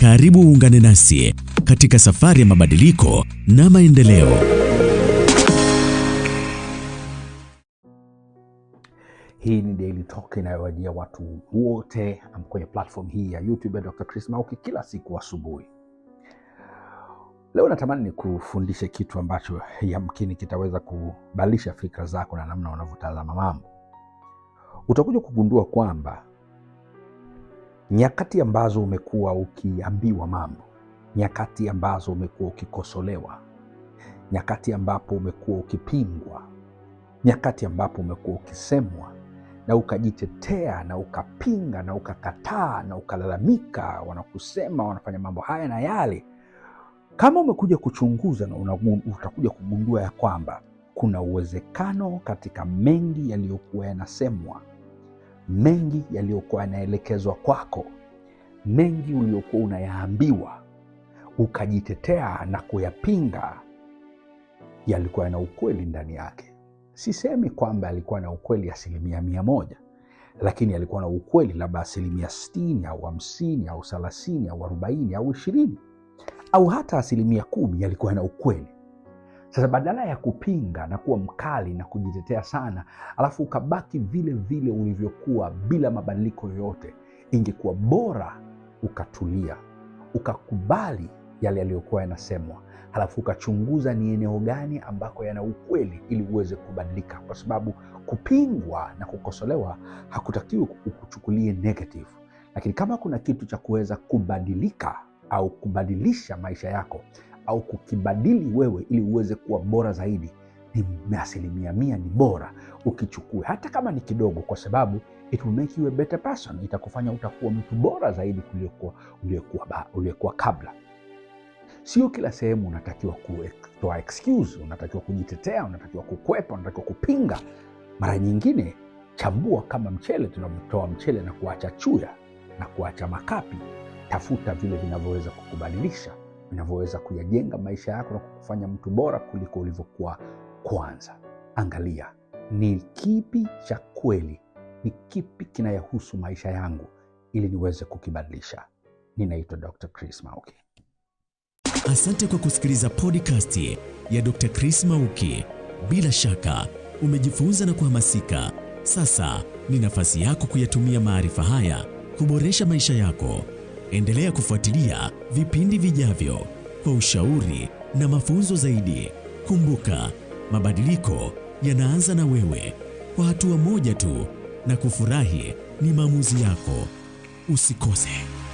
Karibu uungane nasi katika safari ya mabadiliko na maendeleo. Hii ni Daily Talk inayowajia watu wote kwenye platform hii ya YouTube ya Dr. Chris Mauki kila siku asubuhi. Leo natamani ni kufundishe kitu ambacho yamkini kitaweza kubadilisha fikra zako na namna unavyotazama mambo. Utakuja kugundua kwamba nyakati ambazo umekuwa ukiambiwa mambo, nyakati ambazo umekuwa ukikosolewa, nyakati ambapo umekuwa ukipingwa, nyakati ambapo umekuwa ukisemwa na ukajitetea na ukapinga na ukakataa na ukalalamika, wanakusema wanafanya mambo haya na yale. Kama umekuja kuchunguza na utakuja kugundua ya kwamba kuna uwezekano katika mengi yaliyokuwa yanasemwa mengi yaliyokuwa yanaelekezwa kwako, mengi uliokuwa unayaambiwa ukajitetea na kuyapinga, yalikuwa yana ukweli ndani yake. Sisemi kwamba yalikuwa na ukweli asilimia mia moja, lakini yalikuwa na ukweli labda asilimia sitini au hamsini au thelathini au arobaini au ishirini au hata asilimia kumi yalikuwa yana ukweli sasa badala ya kupinga na kuwa mkali na kujitetea sana, alafu ukabaki vile vile ulivyokuwa bila mabadiliko yoyote, ingekuwa bora ukatulia, ukakubali yale yaliyokuwa yanasemwa, halafu ukachunguza ni eneo gani ambako yana ukweli ili uweze kubadilika, kwa sababu kupingwa na kukosolewa hakutakiwi ukuchukulie negative. Lakini kama kuna kitu cha kuweza kubadilika au kubadilisha maisha yako au kukibadili wewe ili uweze kuwa bora zaidi, ni asilimia mia ni bora ukichukue, hata kama ni kidogo, kwa sababu it will make you a better person, itakufanya utakuwa mtu bora zaidi kuliko uliokuwa kabla. Sio kila sehemu unatakiwa kutoa excuse, unatakiwa kujitetea, unatakiwa kukwepa, unatakiwa kupinga. Mara nyingine chambua kama mchele, tunatoa mchele na kuacha chuya na kuacha makapi. Tafuta vile vinavyoweza kukubadilisha vinavyoweza kuyajenga maisha yako na kukufanya mtu bora kuliko ulivyokuwa kwanza. Angalia ni kipi cha kweli, ni kipi kinayahusu maisha yangu ili niweze kukibadilisha. Ninaitwa Dr. Chris Mauki. Asante kwa kusikiliza podcast ya Dr. Chris Mauki. Bila shaka umejifunza na kuhamasika. Sasa ni nafasi yako kuyatumia maarifa haya kuboresha maisha yako. Endelea kufuatilia vipindi vijavyo kwa ushauri na mafunzo zaidi. Kumbuka, mabadiliko yanaanza na wewe, kwa hatua moja tu, na kufurahi ni maamuzi yako. Usikose.